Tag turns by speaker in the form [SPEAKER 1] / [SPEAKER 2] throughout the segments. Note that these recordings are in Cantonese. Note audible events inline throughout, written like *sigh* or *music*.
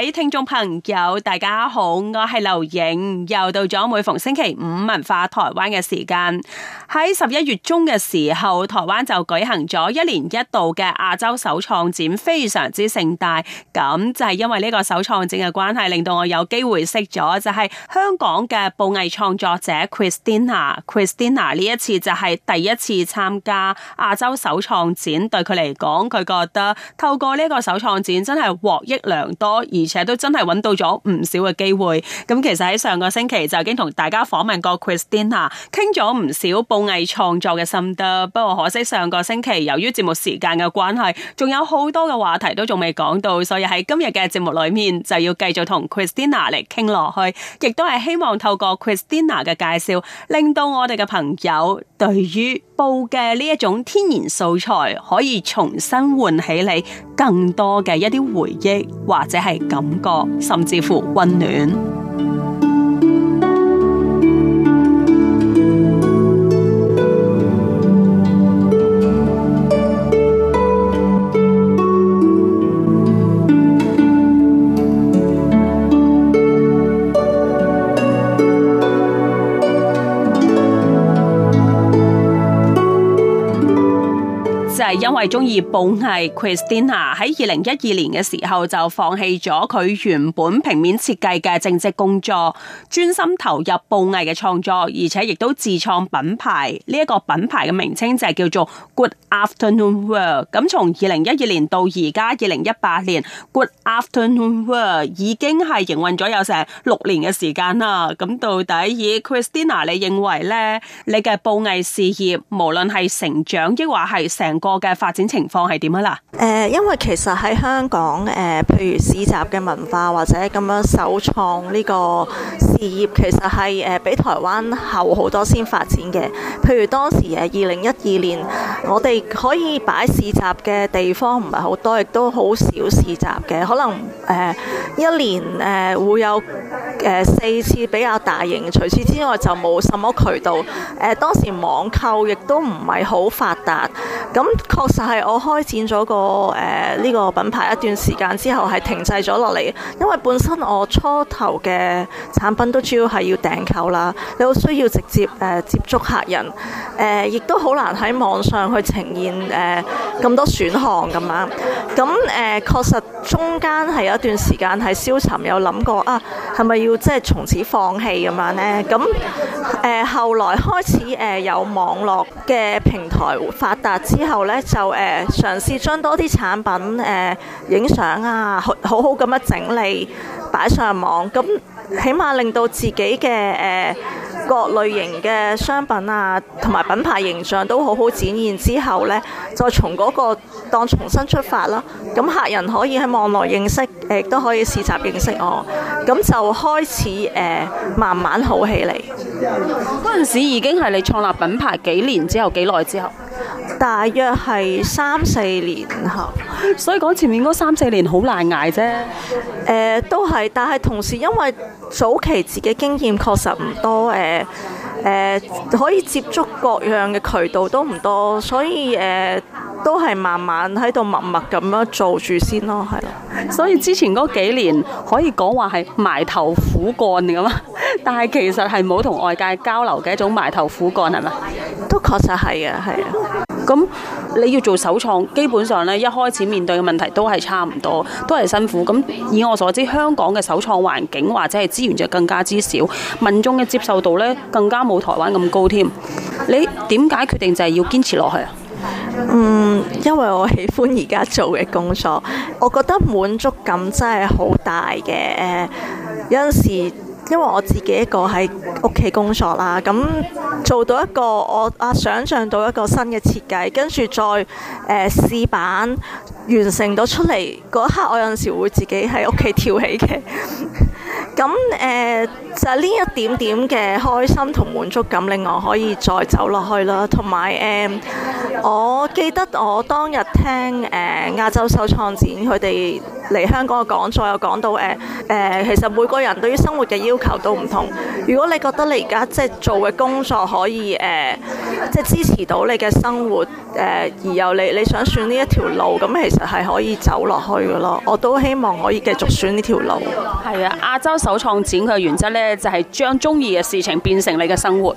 [SPEAKER 1] 位聽眾朋友，大家好，我係劉影，又到咗每逢星期五文化台灣嘅時間。喺十一月中嘅時候，台灣就舉行咗一年一度嘅亞洲首創展，非常之盛大。咁就係因為呢個首創展嘅關係，令到我有機會識咗就係香港嘅布藝創作者 Christina。Christina 呢一次就係第一次參加亞洲首創展，對佢嚟講，佢覺得透過呢個首創展真係獲益良多而而且都真係揾到咗唔少嘅機會，咁其實喺上個星期就已經同大家訪問過 Christina，傾咗唔少布藝創作嘅心得。不過可惜上個星期由於節目時間嘅關係，仲有好多嘅話題都仲未講到，所以喺今日嘅節目裏面就要繼續同 Christina 嚟傾落去，亦都係希望透過 Christina 嘅介紹，令到我哋嘅朋友對於布嘅呢一種天然素材，可以重新喚起你更多嘅一啲回憶，或者係咁。感覺甚至乎溫暖。因為中意布藝 Christina 喺二零一二年嘅時候就放棄咗佢原本平面設計嘅正職工作，專心投入布藝嘅創作，而且亦都自創品牌。呢、這、一個品牌嘅名稱就係叫做 Good Afternoon Work。咁從二零一二年到而家二零一八年，Good Afternoon Work 已經係營運咗有成六年嘅時間啦。咁到底以 Christina 你認為咧，你嘅布藝事業無論係成長亦或係成個嘅？嘅發展情況係點樣啦？
[SPEAKER 2] 誒，因為其實喺香港誒、呃、譬如市集嘅文化或者咁樣，首創呢個事業其實係誒比台灣後好多先發展嘅。譬如當時誒二零一二年，我哋可以擺市集嘅地方唔係好多，亦都好少市集嘅。可能誒、呃、一年誒、呃、會有誒四次比較大型，除此之外就冇什麼渠道。誒、呃、當時網購亦都唔係好發達，咁、嗯。確實係我開展咗個誒呢、呃這個品牌一段時間之後，係停滯咗落嚟，因為本身我初頭嘅產品都主要係要訂購啦，你好需要直接誒、呃、接觸客人，誒、呃、亦都好難喺網上去呈現誒咁、呃、多選項咁樣。咁誒確實中間係有一段時間係消沉，有諗過啊，係咪要即係從此放棄咁樣呢？咁、嗯、誒、呃、後來開始誒、呃、有網絡嘅平台發達之後呢。就誒嘗試將多啲產品誒影相啊，好好咁樣整理擺上網，咁起碼令到自己嘅誒、呃、各類型嘅商品啊，同埋品牌形象都好好展現之後咧，再從嗰個當重新出發啦。咁客人可以喺網絡認識，亦都可以試集認識我，咁就開始誒、呃、慢慢好起嚟。嗰陣時已經係你創立品牌幾年之後幾耐之後？大約係三四年後，所以講前面嗰三四年好難捱啫、呃。都係，但係同時因為早期自己經驗確實唔多，誒、呃呃，可以接觸各樣嘅渠道都唔多，所以誒。呃都係慢慢喺度默默咁樣做住先咯，係咯。所以之前嗰幾年
[SPEAKER 1] 可以講話係埋頭苦幹咁嘛， *laughs* 但係其實係冇同外界交流嘅一種埋頭苦幹，係咪？都確實係啊，係啊。咁、 *laughs* 嗯、你要做首創，基本上呢，一開始面對嘅問題都係差唔多，都係辛苦。咁、嗯、以我所知，香港嘅首創環境或者係資源就更加之少，民眾嘅接受度呢，更加冇台
[SPEAKER 2] 灣咁高添。你點解決定就係要堅持落去啊？嗯，因為我喜歡而家做嘅工作，我覺得滿足感真係好大嘅。呃，有陣時因為我自己一個喺屋企工作啦，咁做到一個我啊想象到一個新嘅設計，跟住再呃試版完成到出嚟嗰一刻，我有陣時會自己喺屋企跳起嘅。 *laughs* 咁誒、呃、就呢、係、一點點嘅開心同滿足感，令我可以再走落去啦。同埋誒，我記得我當日聽誒、呃、亞洲首創展佢哋嚟香港嘅講座，有講到誒、呃誒、呃，其實每個人對於生活嘅要求都唔同。如果你覺得你而家即係做嘅工作可以誒、呃，即係支持到你嘅生活，誒、呃，而又你你想選呢一條路，咁、嗯、其實係可以走落去嘅咯。我都希望可以繼續選呢條路。
[SPEAKER 1] 係啊，亞洲首創展嘅原則呢，就係將鍾意嘅事情變成你嘅生活。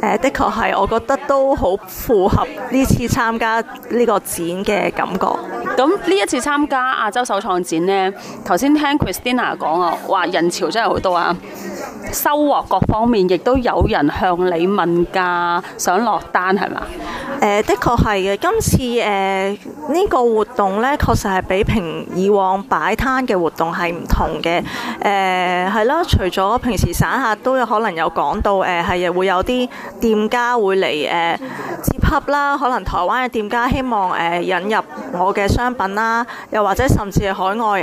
[SPEAKER 1] 呃、的確係，我覺得都好符合呢次參加呢個展
[SPEAKER 2] 嘅感覺。
[SPEAKER 1] 咁呢、嗯、一次參加亞洲首創展呢，頭先聽 Christina。講哦，哇！人潮真係好多啊，收穫各方面亦都有人向你
[SPEAKER 2] 問價，想落單，係咪？呃、的確係嘅。今次誒呢、呃這個活動呢，確實係比平以往擺攤嘅活動係唔同嘅。誒係咯，除咗平時散客都有可能有講到誒，係、呃、會有啲店家會嚟誒、呃、接洽啦。可能台灣嘅店家希望誒、呃、引入我嘅商品啦，又或者甚至係海外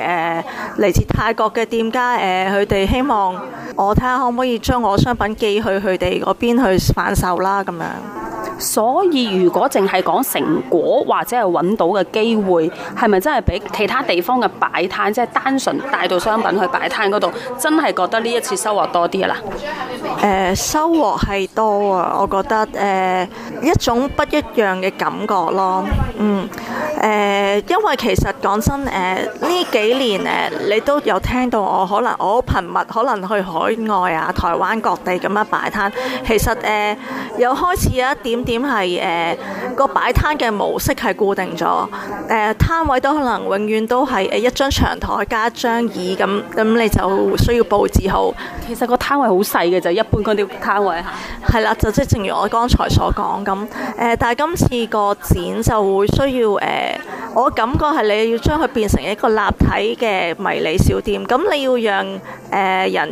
[SPEAKER 2] 誒嚟、呃、自泰國嘅店家誒，佢、呃、哋希望我睇下可唔可以將我商品寄去佢哋嗰邊去販售啦咁樣。所以如果淨係講成果或者係揾
[SPEAKER 1] 到嘅機會，係咪真係畀其他地方嘅擺攤，即係單純帶到商品去擺攤度，真係覺得
[SPEAKER 2] 呢一次收穫多啲啊啦？誒，收穫係多啊，我覺得誒、呃、一種不一樣嘅感覺咯。嗯，誒、呃，因為其實講真，誒、呃、呢幾年誒、呃、你都有聽到我可能我頻密可能去海外啊、台灣各地咁樣擺攤，其實誒、呃、又開始有一點點。點係誒個擺攤嘅模式係固定咗，誒、呃、攤位都可能永遠都係誒一張長台加一張椅咁，咁你就需要佈置好。其實個攤位好細嘅就一般嗰啲攤位嚇。係啦，就即係正如我剛才所講咁、呃，但係今次個展就會需要誒、呃，我感覺係你要將佢變成一個立體嘅迷你小店，咁你要讓誒、呃、人。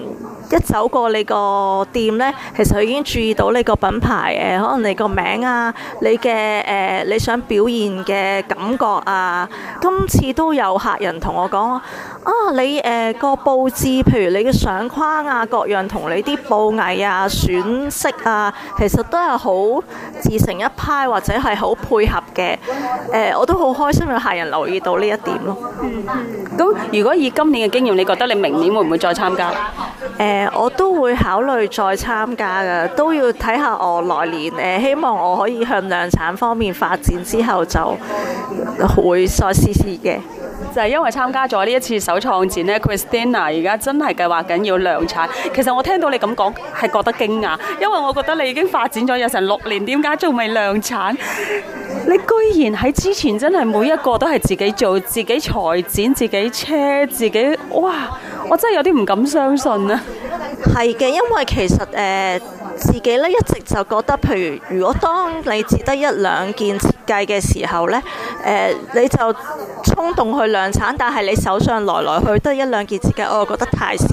[SPEAKER 2] 一走過你個店呢，其實佢已經注意到你個品牌誒，可能你個名啊，你嘅誒、呃、你想表現嘅感覺啊，今次都有客人同我講啊，你誒個佈置，譬如你嘅相框啊，各樣同你啲布藝啊、選色啊，其實都係好自成一派或者係好配合嘅、呃。我都好開心，有客人留意到呢一點咯。咁、嗯、如果以今年嘅經驗，你覺得你明年會唔會再參加？呃呃、我都會考慮再參加嘅，都要睇下我來年、呃、希望我可以向量產方面發展之後，就會再試試嘅。
[SPEAKER 1] 就係因為參加咗呢一次首創展呢，Christina 而家真係計劃緊要量產。其實我聽到你咁講係覺得驚訝，因為我覺得你已經發展咗有成六年，點解仲未量產？你居然喺之前真係每一個都係自己做、自己裁剪、自己車、自己哇！我
[SPEAKER 2] 真係有啲唔敢相信啊！係嘅，因為其實誒、呃、自己咧一直就覺得，譬如如果當你只得一兩件設計嘅時候呢，誒、呃、你就衝動去量產，但係你手上來來去得一兩件設計，我又覺得太少。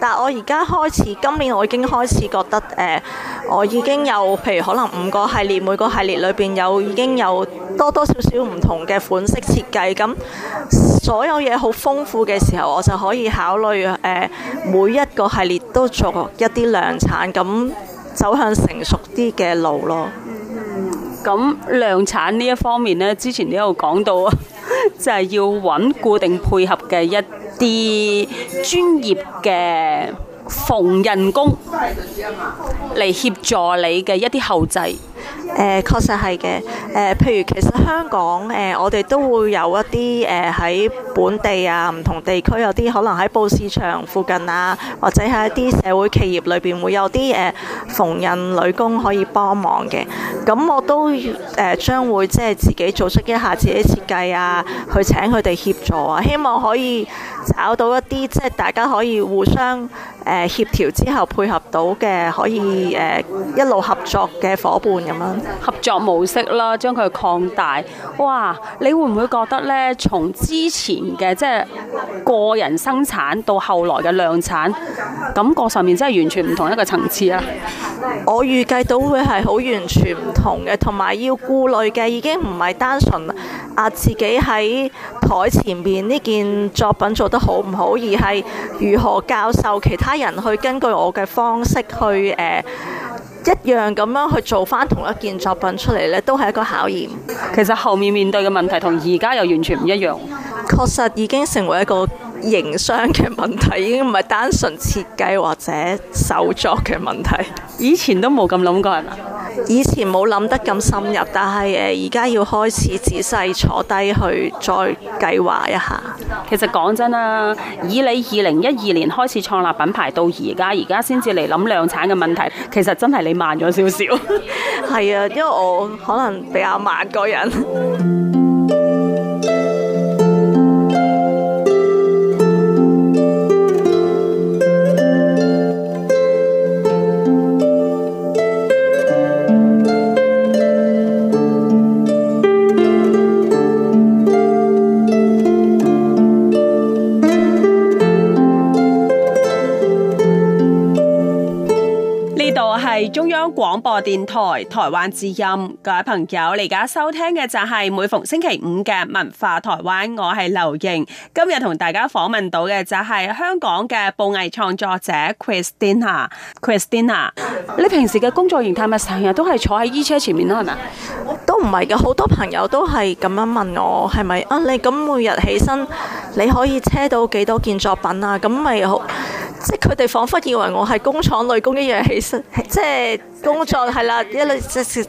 [SPEAKER 2] 但我而家開始，今年我已經開始覺得誒、呃，我已經有譬如可能五個系列，每個系列裏邊有已經有。多多少少唔同嘅款式設計，咁所有嘢好豐富嘅時候，我就可以考慮誒、呃、每一個系列都做一啲量產，咁走向成熟啲嘅路咯。嗯，咁量產呢一方面咧，之前都有講
[SPEAKER 1] 到， *laughs* 就係要揾固定配合嘅一啲專業嘅縫紉工嚟協助你
[SPEAKER 2] 嘅一啲後製。誒、呃、確實係嘅，誒、呃、譬如其實香港誒、呃，我哋都會有一啲誒喺呃、本地啊，唔同地區有啲可能喺布市場附近啊，或者係一啲社會企業裏邊會有啲誒縫紉女工可以幫忙嘅。咁我都誒將、呃、會即係自己做出一下自己設計啊，去請佢哋協助啊。希望可以找到一啲即係大家可以互相誒協調之後配合到嘅，可以誒、呃、一路合作嘅伙伴咁樣。合作模式啦，將佢擴大。哇！你
[SPEAKER 1] 會唔會覺得咧？從之前嘅即係個人生產到後來
[SPEAKER 2] 嘅量產，感覺上面真係完全唔同一個層次啊，我預計到會係好完全唔同嘅，同埋要顧慮嘅已經唔係單純啊自己喺台前面呢件作品做得好唔好，而係如何教授其他人去根據我嘅方式去誒、呃、一樣咁樣去做翻同一件作品出嚟咧，都係一個考驗。其實後面面對嘅問題同而家又完全唔一樣。確實已經成為一個營商嘅問題，已經唔係單純設計或者手作嘅問題。以前都冇咁諗過，係咪？以前冇諗得咁深入，但係誒而家要開始仔細坐低去再計劃一下。其實講真啦，以你二零一二
[SPEAKER 1] 年開始創立品牌到而家，而家先至嚟諗量產嘅問題，其實真係你慢咗少
[SPEAKER 2] 少。係 *laughs* 啊，因為我可能比較慢個人。
[SPEAKER 1] 電台台灣之音，各位朋友，你而家收聽嘅就係每逢星期五嘅文化台灣，我係劉瑩，今日同大家訪問到嘅就係香港嘅布藝創作者 Christina，Christina。你平時嘅工作形態咪
[SPEAKER 2] 成日都係坐喺衣車前面咯，係咪？都唔係嘅，好多朋友都係咁樣問我，係咪啊？你咁每日起身，你可以車到幾多件作品啊？咁咪好，即係佢哋彷彿以為我係工廠女工一樣起身， *laughs* 即係工作係啦，一直車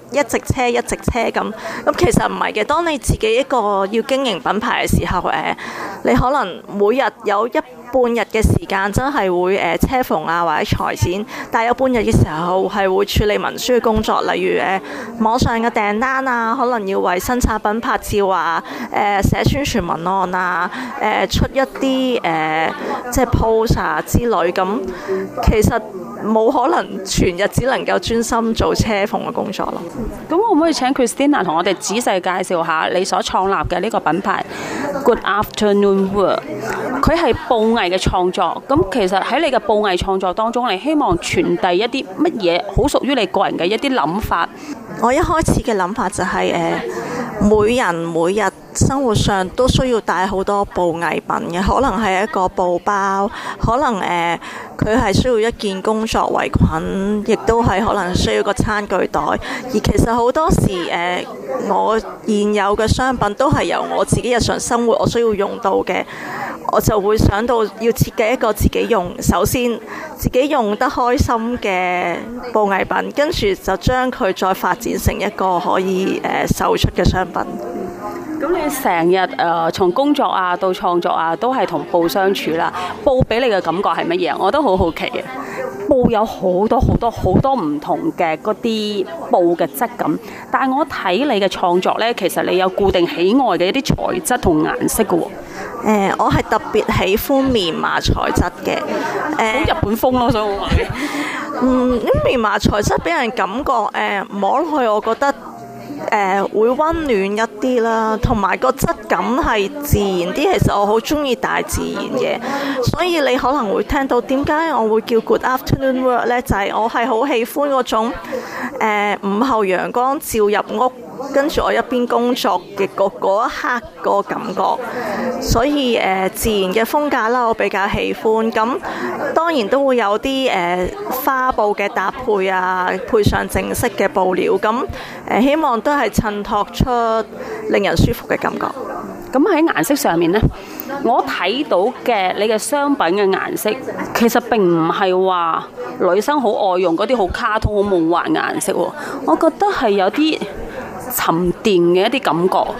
[SPEAKER 2] 一直車咁。咁、嗯、其實唔係嘅，當你自己一個要經營品牌嘅時候，誒、啊，你可能每日有一半日嘅時間真係會誒、呃、車縫啊，或者裁剪，但有半日嘅時候係會處理文書嘅工作，例如誒、呃、網上嘅訂單啊，可能要為新產品拍照啊，誒、呃、寫宣傳文案啊，誒、呃、出一啲誒、呃、即係 post 之類咁，嗯，其實冇可能全日只能夠專心做
[SPEAKER 1] 車縫嘅工作咯。咁可唔可以請 Christina 同我哋仔細介紹下你所創立嘅呢個品牌？Good afternoon work，佢係布藝嘅創作。咁其實喺你嘅布藝創作當中，你希望傳遞一啲乜嘢？好屬於你個人嘅一啲
[SPEAKER 2] 諗法。我一開始嘅諗法就係、是、誒。呃每人每日生活上都需要帶好多布藝品嘅，可能係一個布包，可能誒佢係需要一件工作圍裙，亦都係可能需要個餐具袋。而其實好多時誒、呃，我現有嘅商品都係由我自己日常生活我需要用到嘅，我就會想到要設計一個自己用，首先自己用得開心嘅布藝品，跟住就將佢再發展成一個可以誒、呃，售出嘅商品。品
[SPEAKER 1] 咁你成日誒、呃、從工作啊到創作啊都係同布相處啦，布俾你嘅感覺係乜嘢？我都好好奇嘅。布有好多好多好多唔同嘅嗰啲布嘅質感，但係我睇你嘅創作呢，其實你有固定喜愛嘅一啲
[SPEAKER 2] 材質同顏色嘅喎、哦欸。我係特別喜歡棉麻材質嘅。好、欸、日本風咯、啊，所以我買。嗯，啲棉麻材質俾人感覺誒、欸，摸落去，我覺得。誒、呃、會温暖一啲啦，同埋個質感係自然啲。其實我好鍾意大自然嘅，所以你可能會聽到點解我會叫 Good afternoon work 咧，就係、是、我係好喜歡嗰種誒、呃、午後陽光照入屋。跟住我一邊工作嘅嗰一刻個感覺，所以誒、呃、自然嘅風格啦，我比較喜歡。咁當然都會有啲誒、呃、花布嘅搭配啊，配上正式嘅布料，咁、呃、希望都係襯托出令人舒服嘅感覺。
[SPEAKER 1] 咁喺顏色上面呢，我睇到嘅你嘅商品嘅顏色，其實並唔係話女生好愛用嗰啲好卡通、好夢幻顏色喎，
[SPEAKER 2] 我覺得係有啲沉澱嘅一啲感覺，誒、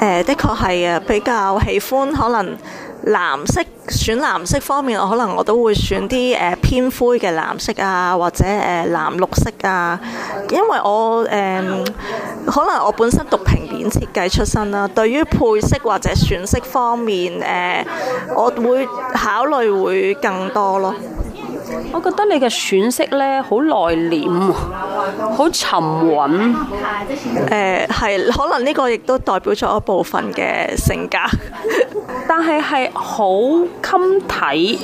[SPEAKER 2] 呃，的確係啊，比較喜歡。可能藍色，選藍色方面，我可能我都會選啲誒、呃、偏灰嘅藍色啊，或者誒、呃、藍綠色啊，因為我誒、呃、可能我本身讀平面設計出身啦、啊，對於配色或者選色方面，誒、呃，我會考慮會更多咯。我覺得你嘅選色咧，好內斂，好沉穩。誒、呃，係可能呢個亦都代表咗一部分嘅性格， *laughs* 但係係好襟睇。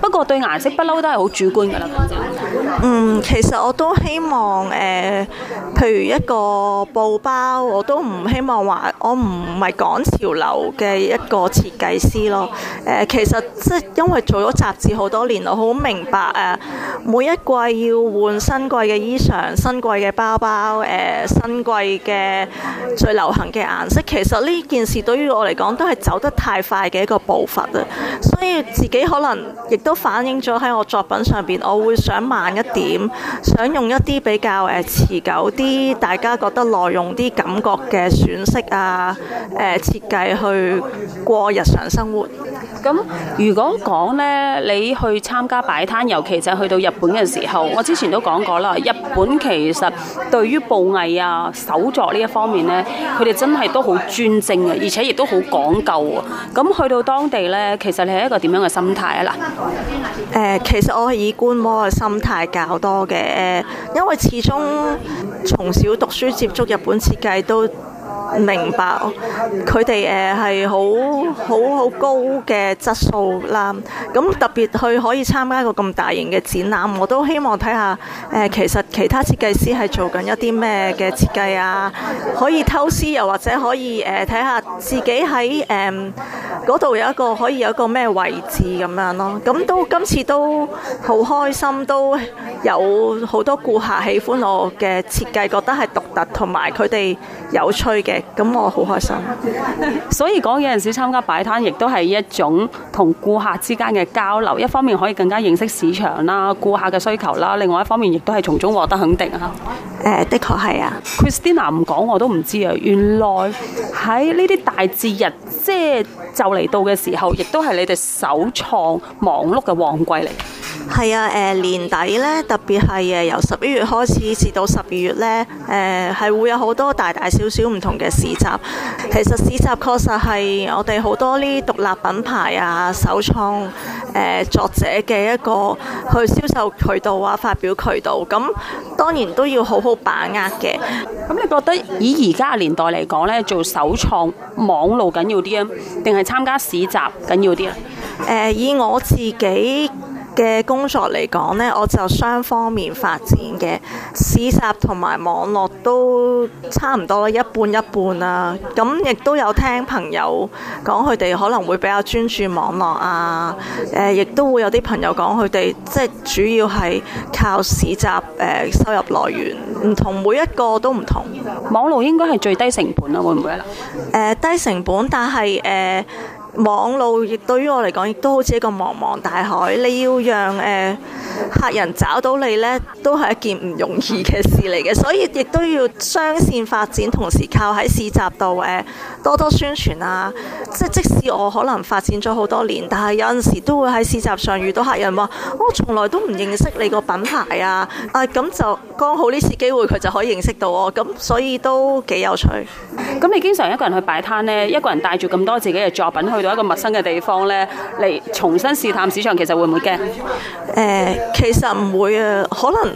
[SPEAKER 2] 不過對顏色不嬲都係好主觀㗎啦。等等嗯，其實我都希望誒、呃、譬如一個布包，我都唔希望話我唔係趕潮流嘅一個設計師咯。誒、呃、其實即係因為做咗雜誌好多年，我好明白誒、啊、每一季要換新季嘅衣裳、新季嘅包包、誒、呃、新季嘅最流行嘅顏色。其實呢件事對於我嚟講都係走得太快嘅一個步伐啊！所以自己可能亦都反映咗喺我作品上邊，我會想慢一一點想用一啲比較誒持久啲、大家覺得耐用啲感覺嘅款式啊、誒設計去過日常生活。咁如果講咧，你去
[SPEAKER 1] 參加擺攤，尤其就去到日本嘅時候，我之前都講過啦。日本其實對於布藝啊、手作呢一方面咧，佢哋真係都好專精嘅，而且亦都好講究喎。咁去到當地咧，其實你係一個點樣嘅心態啊？嗱，
[SPEAKER 2] 誒，其實我係以觀摩嘅心態。較多嘅，因為始終從小讀書接觸日本設計都。明白，佢哋誒係好好好高嘅質素啦。咁特別去可以參加一個咁大型嘅展覽，我都希望睇下誒，其實其他設計師係做緊一啲咩嘅設計啊？可以偷師又或者可以誒睇下自己喺誒度有一個可以有一個咩位置咁樣咯。咁都今次都好開心，都有好多顧客喜歡我嘅設計，覺得係獨特同埋佢哋有趣。嘅，咁我好開心。
[SPEAKER 1] 所以講有陣時參加擺攤，亦都係一種同顧客之間嘅交流。一方面可以更加認識市場啦、顧客嘅需求啦；另外一方面，亦都係從中獲得肯定啊。Uh, 的確係啊。Christina 唔講我都唔知啊。原來喺呢啲大節日，
[SPEAKER 2] 即係就嚟到嘅時候，亦都係你哋首創忙碌嘅旺季嚟。係啊，誒、呃、年底咧，特別係誒由十一月開始至到十二月咧，誒、呃、係會有好多大大小小唔同嘅市集。其實市集確實係我哋好多呢獨立品牌啊、首創、呃、作者嘅一個去銷售渠道啊、發表渠道，咁、嗯、當然都要好好把握嘅。咁你覺得以而家年代嚟講咧，做首創網路緊要啲啊，定係參加市集緊要啲啊？誒、呃，以我自己嘅工作嚟講呢，我就雙方面發展嘅，市集同埋網絡都差唔多，一半一半啊。咁亦都有聽朋友講，佢哋可能會比較專注網絡啊。呃，亦都會有啲朋友講，佢哋即係主要係靠市集、呃、收入來源，唔同每一個都唔同。網絡應該係最低成本啦、啊，會唔會啊？呃，低成本，但係網路亦對於我嚟講，亦都好似一個茫茫大海。你要讓誒、呃、客人找到你呢，都係一件唔容易嘅事嚟嘅。所以亦都要雙線發展，同時靠喺市集度誒、呃、多多宣傳啊。即即使我可能發展咗好多年，但係有陣時都會喺市集上遇到客人話：我、哦、從來都唔認識你個品牌啊！啊咁就剛好呢次機會，佢就可以認識到我。咁所以都幾有趣。咁你經常一個人去擺攤呢，一個人帶
[SPEAKER 1] 住咁多自己嘅作品去。去到一個陌生嘅地方咧，嚟重新試探市場，其實會唔會驚？
[SPEAKER 2] 誒、呃，其實唔會啊，可能。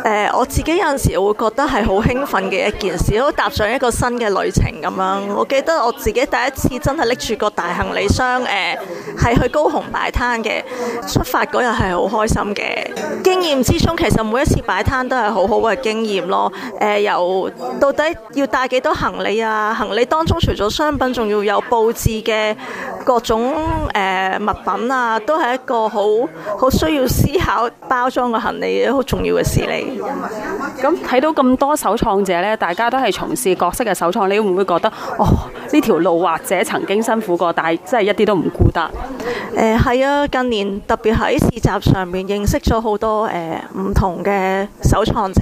[SPEAKER 2] 誒、呃、我自己有陣時會覺得係好興奮嘅一件事，好踏上一個新嘅旅程咁樣。我記得我自己第一次真係拎住個大行李箱，誒、呃、係去高雄擺攤嘅。出發嗰日係好開心嘅。經驗之中，其實每一次擺攤都係好好嘅經驗咯。誒、呃，由到底要帶幾多行李啊？行李當中除咗商品，仲要有佈置嘅各種誒、呃、物品啊，都係一個好好需要思考包裝嘅行李，好重要嘅事嚟。咁睇到咁
[SPEAKER 1] 多手創者呢，大家都係從事各式嘅手創，你會唔會覺得哦？呢條路或者
[SPEAKER 2] 曾經辛苦過，但係真係一啲都唔孤單。誒係、呃、啊，近年特別喺市集上面認識咗好多唔、呃、同嘅手創者、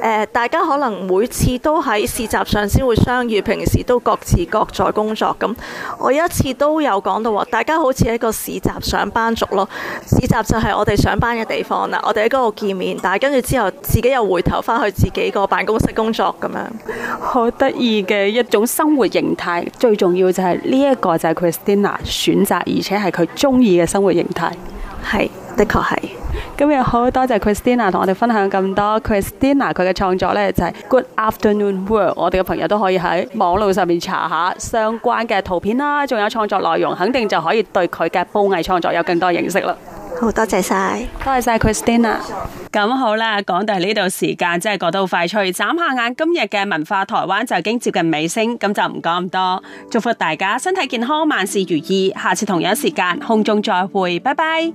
[SPEAKER 2] 呃。大家可能每次都喺市集上先會相遇，平時都各自各在工作。咁我有一次都有講到，大家好似喺個市集上班族咯。市集就係我哋上班嘅地方啦，我哋喺嗰度見面，但係跟住之後自己又回頭返去自己個辦公室工作咁樣。好得意嘅一種生活形態。最重要
[SPEAKER 1] 就係呢一個就係 Christina 選擇，而且係佢中意嘅生活形態。係的確係。今日好多謝 Christina 同我哋分享咁多 Christina 佢嘅創作呢，就係 Good afternoon work。我哋嘅朋友都可以喺網絡上面查下相關嘅圖片啦，仲有創作內容，肯定就可以對佢嘅布藝創作有更多認識啦。好多謝晒，多謝晒 Christina。咁 Christ *noise* 好啦，講到呢度時間真係過到快脆，眨下眼今日嘅文化台灣就已經接近尾聲，咁就唔講咁多。祝福大家身體健康，萬事如意。下次同樣時間空中再會，拜拜。